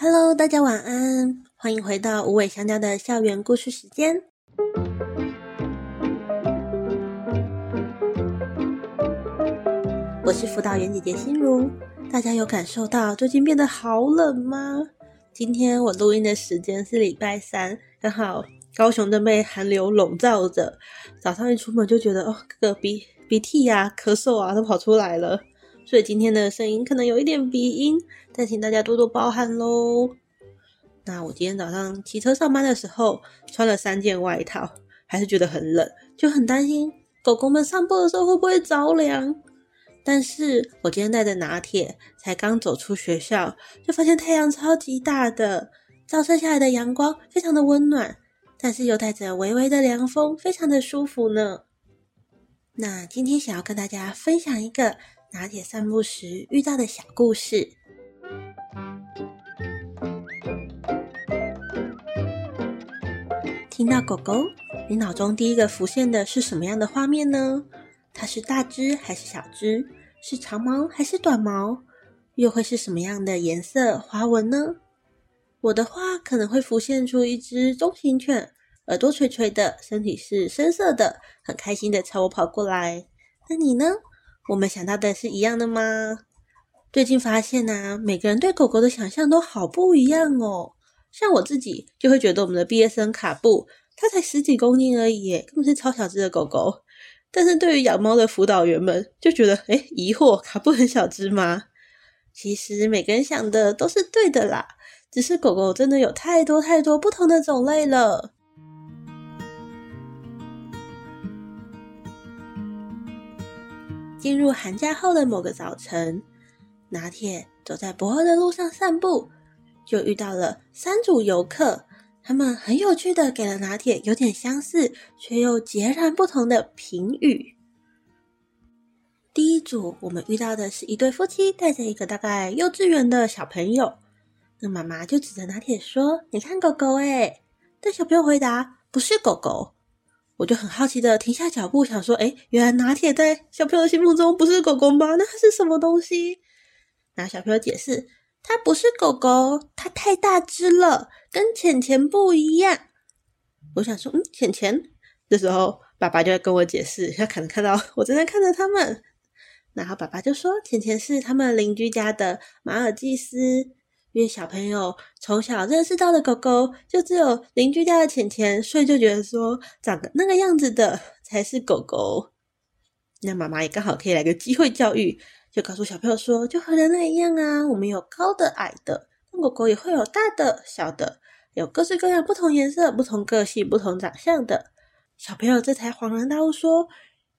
Hello，大家晚安，歡迎回到無尾香蕉的校園故事時間。我是輔導員姐姐心如，大家有感受到最近變得好冷嗎？今天我錄音的時間是禮拜三，剛好高雄正被寒流籠罩着，早上一出門就覺得哦，個個鼻鼻涕啊、咳嗽啊都跑出來了。所以今天的聲音可能有一點鼻音，但請大家多多包涵嘍。那我今天早上騎車上班的時候，穿了三件外套，還是覺得很冷，就很擔心狗狗們散步的時候會不會着涼。但是我今天帶着拿鐵，才剛走出學校，就發現太陽超級大的，照射下來的陽光非常的溫暖，但是又帶着微微的涼風，非常的舒服呢。那今天想要跟大家分享一個。拿鐵散步時遇到的小故事。聽到狗狗，你腦中第一個浮現的是什麼樣的畫面呢？它是大隻還是小隻？是長毛還是短毛？又會是什麼樣的顏色、花紋呢？我的話可能會浮現出一隻中型犬，耳朵垂垂的，身體是深色的，很開心的朝我跑過來。那你呢？我們想到的是一樣的嗎？最近發現啊，每個人對狗狗的想象都好不一樣哦。像我自己就會覺得我們的畢業生卡布，它才十幾公斤而已，根本是超小只的狗狗。但是對於養貓的輔導員們，就覺得，誒，疑惑，卡布很小只嗎？其實每個人想的都是對的啦，只是狗狗真的有太多太多不同的種類了。進入寒假後的某個早晨，拿鐵走在駁二的路上散步，就遇到了三組遊客。他們很有趣的給了拿鐵有點相似卻又截然不同的評語。第一組，我們遇到的是一對夫妻帶着一個大概幼稚園的小朋友，那媽媽就指着拿鐵說：“你看狗狗誒、欸。”但小朋友回答：“不是狗狗。”我就很好奇的停下腳步，想說：“誒、欸、原來拿鐵在小朋友的心目中不是狗狗嗎？那它是什麼東西？”然後小朋友解釋：“它不是狗狗，它太大隻了，跟淺淺不一樣。”我想說：“嗯，淺淺。”這時候爸爸就跟我解釋，他可能看到我正在看着他們，然後爸爸就說：“淺淺是他們鄰居家的馬爾濟斯。”因為小朋友從小認識到的狗狗，就只有鄰居家的淺淺，所以就覺得說，長得那個樣子的才是狗狗。那媽媽也剛好可以來個機會教育，就告訴小朋友說，就和人類一樣啊，我們有高的矮的，那狗狗也會有大的小的，有各式各樣不同顏色、不同個性、不同長相的。小朋友這才恍然大悟，說，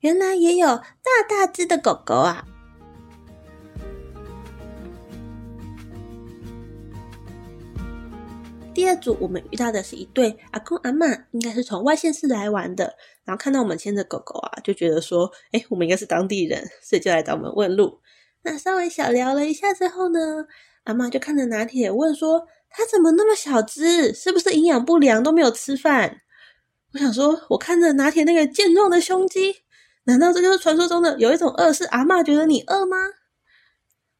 原來也有大大只的狗狗啊！第二組我們遇到的是一對阿公阿嬤，應該是從外縣市來玩的。然後看到我們牽着狗狗啊，就覺得說，哎、欸，我們應該是當地人，所以就來找我們問路。那稍微小聊了一下之後呢，阿嬤就看着拿鐵問說，他怎麼那麼小隻，是不是營養不良都沒有吃飯？我想說，我看着拿鐵那個健壯的胸肌，難道這就是傳說中的有一種餓是阿嬤覺得你餓嗎？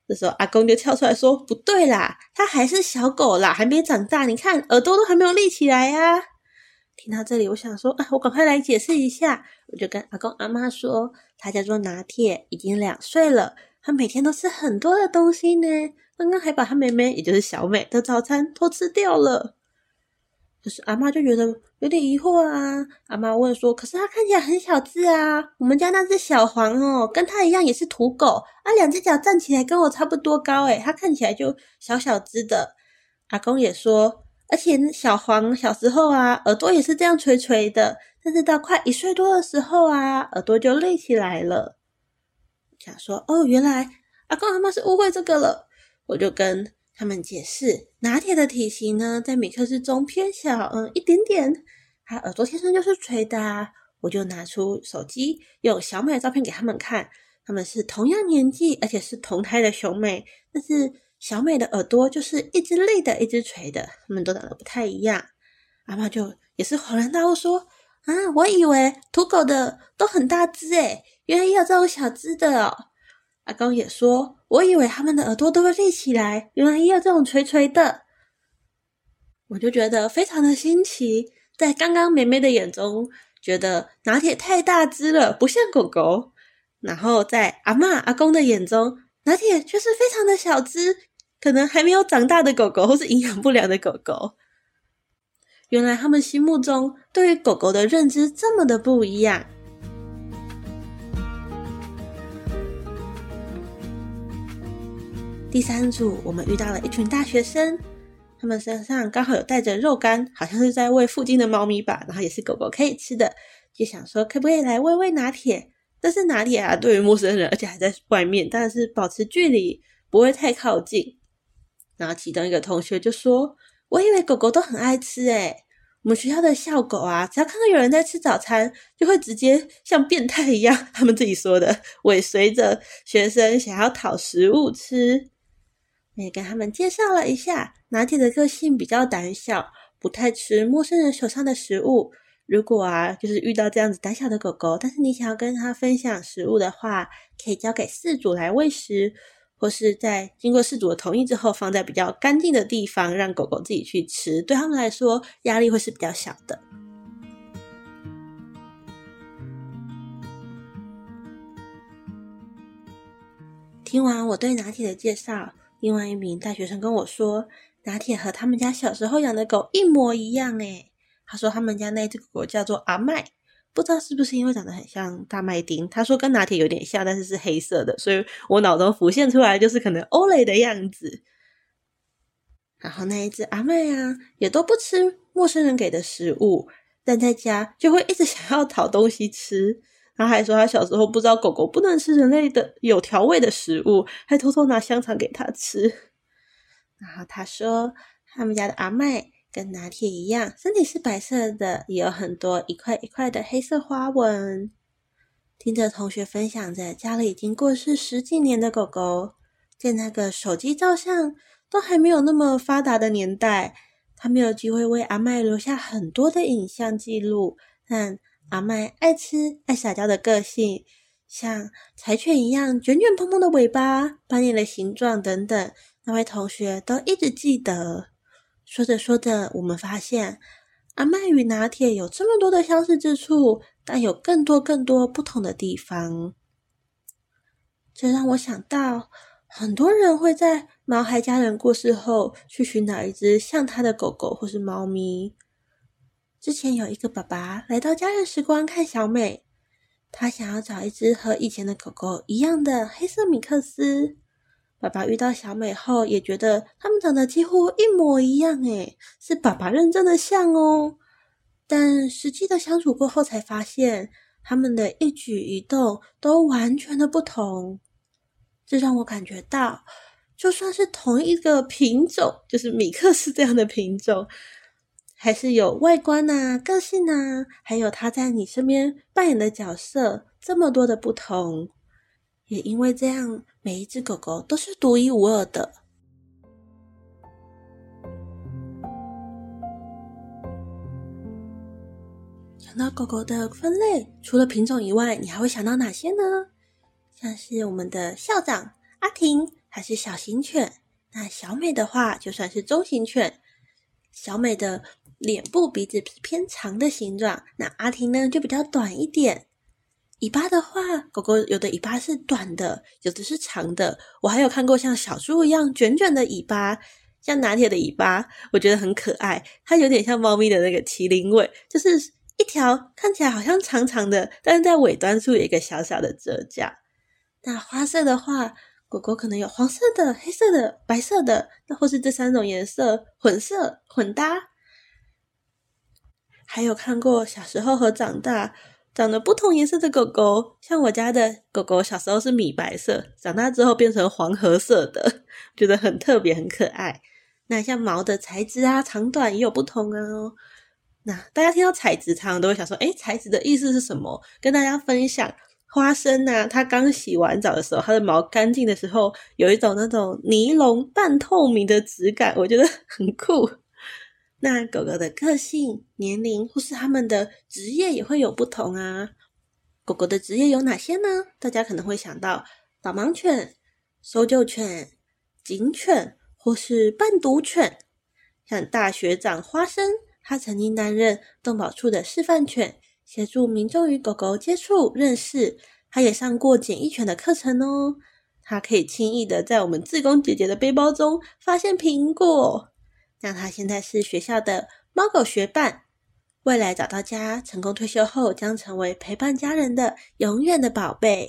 這時候，阿公就跳出來說：“不對啦，它還是小狗啦，還沒長大。你看，耳朵都還沒有立起來呀、啊。”聽到這裡，我想說：“啊，我趕快來解釋一下。”我就跟阿公、阿媽說：“他叫做拿鐵，已經兩歲了。他每天都吃很多的東西呢。剛剛還把他妹妹，也就是小美，的早餐偷吃掉了。”可是阿嬤就覺得有點疑惑啊，阿嬤問說：“可是它看起來很小隻啊，我們家那隻小黃哦，跟它一樣也是土狗啊，兩隻腳站起來跟我差不多高哎，它看起來就小小隻的。”阿公也說：“而且小黃小時候啊，耳朵也是這樣垂垂的，但是到快一歲多的時候啊，耳朵就立起來了。”想說哦，原來阿公阿嬤是誤會這個了，我就跟他們解釋，拿鐵的體型呢，在米克斯中偏小，嗯，一點點。他耳朵天生就是垂的，啊，我就拿出手機，用小美的照片給他們看。他們是同樣年紀，而且是同胎的兄妹，但是小美的耳朵就是一隻立的，一隻垂的，他們都長得不太一樣。阿嬤就也是恍然大悟，說：啊，我以為土狗的都很大隻，欸，哎，原來也有這種小隻的哦。阿公也說：“我以為他們的耳朵都會立起來，原來也有這種垂垂的，我就覺得非常的新奇。”在剛剛妹妹的眼中，覺得拿鐵太大隻了，不像狗狗；然後在阿嬤、阿公的眼中，拿鐵卻是非常的小隻，可能還沒有長大的狗狗，或是營養不良的狗狗。原來他們心目中對於狗狗的認知這麼的不一樣。第三組，我們遇到了一群大學生，他們身上剛好有帶着肉乾，好像是在餵附近的貓咪吧，然後也是狗狗可以吃的，就想說可不可以來餵餵拿鐵？但是拿鐵啊，對於陌生人，而且還在外面，當然是保持距離，不會太靠近。然後其中一個同學就說：“我以為狗狗都很愛吃，誒，我們學校的校狗啊，只要看到有人在吃早餐，就會直接像變態一樣，他們自己說的，尾隨着學生想要討食物吃。”也跟他們介紹了一下，拿鐵的個性比較膽小，不太吃陌生人手上的食物。如果啊，就是遇到這樣子膽小的狗狗，但是你想要跟它分享食物的話，可以交給飼主來餵食，或是在經過飼主的同意之後，放在比較乾淨的地方，讓狗狗自己去吃。對他們來說，壓力會是比較小的。聽完我對拿鐵的介紹，另外一名大學生跟我說，拿鐵和他們家小時候養的狗一模一樣。誒，他說他們家那隻狗叫做阿麥，不知道是不是因為長得很像大麥町。他說跟拿鐵有點像，但是是黑色的，所以我腦中浮現出來就是可能歐雷的樣子。然後那一隻阿麥啊，也都不吃陌生人給的食物，但在家就會一直想要討東西吃。他還說，他小時候不知道狗狗不能吃人類的有調味的食物，還偷偷拿香腸給它吃。然後他說，他們家的阿麥跟拿鐵一樣，身體是白色的，也有很多一塊一塊的黑色花紋。聽着同學分享着家裡已經過世十幾年的狗狗，在那個手機照相都還沒有那麼發達的年代，他沒有機會為阿麥留下很多的影像記錄，但阿麥愛吃、愛撒嬌的個性，像柴犬一樣捲捲蓬蓬的尾巴、斑點的形狀等等，那位同學都一直記得。說着說着，我們發現阿麥與拿鐵有這麼多的相似之處，但有更多、更多不同的地方。這讓我想到，很多人會在毛孩家人過世後，去尋找一隻像他的狗狗或是貓咪。之前有一個爸爸來到家人時光看小美，他想要找一只和以前的狗狗一樣的黑色米克斯。爸爸遇到小美後，也覺得他們長得幾乎一模一樣，欸，是爸爸認真的像哦。但實際的相處過後，才發現他們的一舉一動都完全的不同。這讓我感覺到，就算是同一個品種，就是米克斯這樣的品種，還是有外觀吶、啊、個性吶、啊，還有他在你身邊扮演的角色，這麼多的不同，也因為這樣，每一隻狗狗都是獨一無二的。想到狗狗的分類，除了品種以外，你還會想到哪些呢？像是我們的校長阿婷，還是小型犬；那小美的話，就算是中型犬。小美的。臉部鼻子偏長的形狀，那阿婷呢，就比較短一點。尾巴的話，狗狗有的尾巴是短的，有的是長的。我還有看過像小豬一樣捲捲的尾巴，像拿鐵的尾巴，我覺得很可愛。它有點像貓咪的那個麒麟尾，就是一條看起來好像長長的，但是在尾端處有一個小小的折角。那花色的話，狗狗可能有黃色的、黑色的、白色的，那或是這三種顏色混色混搭。還有看過小時候和長大長得不同顏色的狗狗，像我家的狗狗小時候是米白色，長大之後變成黃褐色的，覺得很特別很可愛。那像毛的材質啊、長短也有不同、啊、哦。那大家聽到材質常常都會想說：“誒，材質的意思是什麼？”跟大家分享，花生啊，它剛洗完澡的時候，它的毛乾淨的時候，有一種那種尼龍半透明的質感，我覺得很酷。那狗狗的個性、年齡，或是他們的職業也會有不同啊。狗狗的職業有哪些呢？大家可能會想到導盲犬、搜救犬、警犬，或是伴讀犬。像大學長花生，他曾經擔任動保處的示範犬，協助民眾與狗狗接觸、認識。他也上過檢疫犬的課程哦。它可以輕易的在我們志工姐姐的背包中發現蘋果。那他現在是學校的貓狗學伴，未來找到家，成功退休後將成為陪伴家人的永遠的寶貝。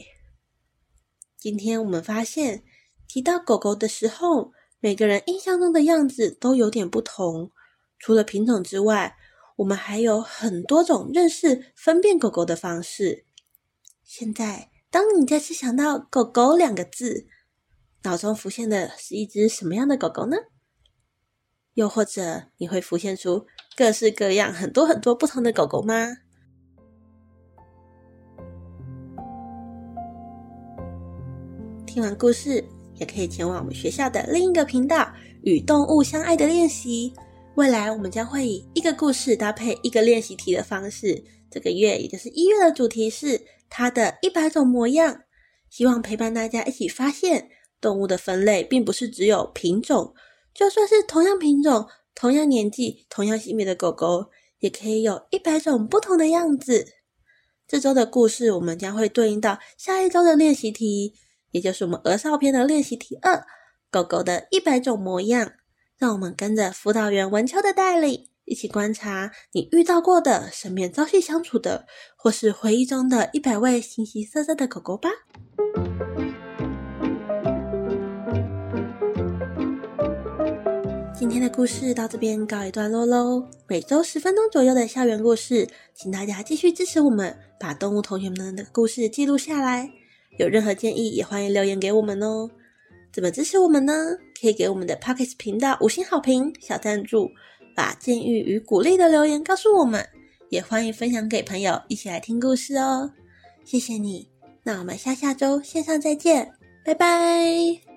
今天我們發現，提到狗狗的時候，每個人印象中的樣子都有點不同。除了品種之外，我們還有很多種認識、分辨狗狗的方式。現在，當你再次想到狗狗兩個字，腦中浮現的是一隻什麼樣的狗狗呢？又或者，你會浮現出各式各樣、很多很多不同的狗狗嗎？聽完故事，也可以前往我們學校的另一個頻道“與動物相愛”的練習。未來我們將會以一個故事搭配一個練習題的方式。這個月，也就是一月的主題是“它的一百種模樣”，希望陪伴大家一起發現，動物的分類並不是只有品種。就算是同樣品種、同樣年紀、同樣性別的狗狗，也可以有一百種不同的樣子。這周的故事我們將會對應到下一周的練習題，也就是我們兒少篇的練習題二——狗狗的一百種模樣。讓我們跟着輔導員文秋的帶領，一起觀察你遇到過的、身邊朝夕相處的，或是回憶中的一百位形形色色的狗狗吧。今天的故事到這邊告一段落嘍。每周十分鐘左右的校園故事，請大家繼續支持我們，把動物同學們的故事記錄下來。有任何建議，也歡迎留言給我們哦。怎麼支持我們呢？可以給我們的 Podcast 頻道五星好評、小贊助，把建議與鼓勵的留言告訴我們。也歡迎分享給朋友，一起來聽故事哦。謝謝你，那我們下下周線上再見，拜拜。